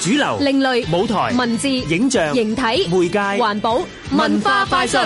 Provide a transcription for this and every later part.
主流、另類、舞台、文字、影像、形體、媒介、環保、文化、快訊。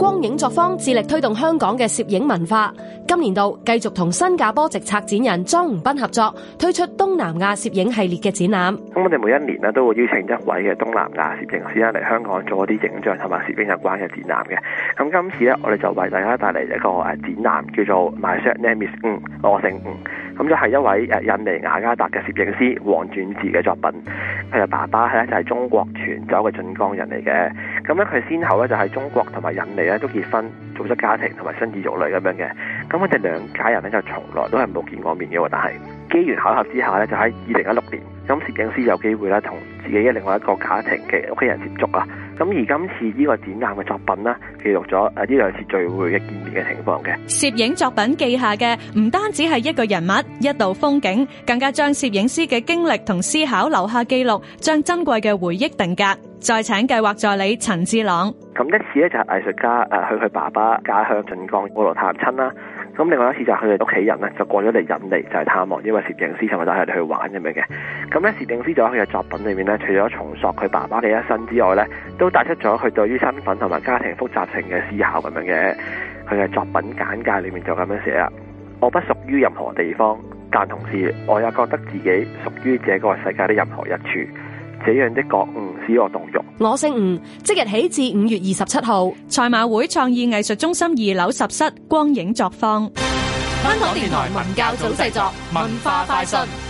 光影作坊致力推動香港嘅攝影文化，今年度繼續同新加坡籍策展人莊吳斌合作，推出東南亞攝影系列嘅展覽。咁我哋每一年咧都會邀請一位嘅東南亞攝影師嚟香港做一啲影像同埋攝影有關嘅展覽嘅。咁今次咧我哋就為大家帶嚟一個誒展覽，叫做 My Short Name Is，嗯，我姓嗯，咁就係一位印尼雅加達嘅攝影師黃轉智嘅作品。佢嘅爸爸咧就係中國泉州嘅晉江人嚟嘅。咁咧佢先後咧就喺中國同埋印尼咧都結婚，組織家庭同埋生兒育女咁樣嘅。咁佢哋兩家人咧就從來都係冇見過面嘅喎。但係機緣巧合之下咧，就喺二零一六年，咁攝影師有機會咧同自己嘅另外一個家庭嘅屋企人接觸啊。咁而今次呢個展覽嘅作品咧，記錄咗誒呢兩次聚會嘅見面嘅情況嘅。攝影作品記下嘅唔單止係一個人物、一道風景，更加將攝影師嘅經歷同思考留下記錄，將珍貴嘅回憶定格。再請計劃助理陳志朗。咁一次咧就係藝術家誒、呃、去佢爸爸家鄉晉江嗰度探親啦，咁另外一次就係佢哋屋企人咧就過咗嚟，印尼就係、是、探望，因為攝影師就係帶佢哋去玩咁樣嘅。咁咧攝影師就喺佢嘅作品裏面咧，除咗重塑佢爸爸嘅一生之外咧，都帶出咗佢對於身份同埋家庭複雜性嘅思考咁樣嘅。佢嘅作品簡介裏面就咁樣寫啊：我不屬於任何地方，但同時我也覺得自己屬於這個世界的任何一處。這樣的覺悟使我動容。我姓吳，即日起至五月二十七號，賽馬會創意藝術中心二樓十室光影作坊。香港電台文教組製作，文化快訊。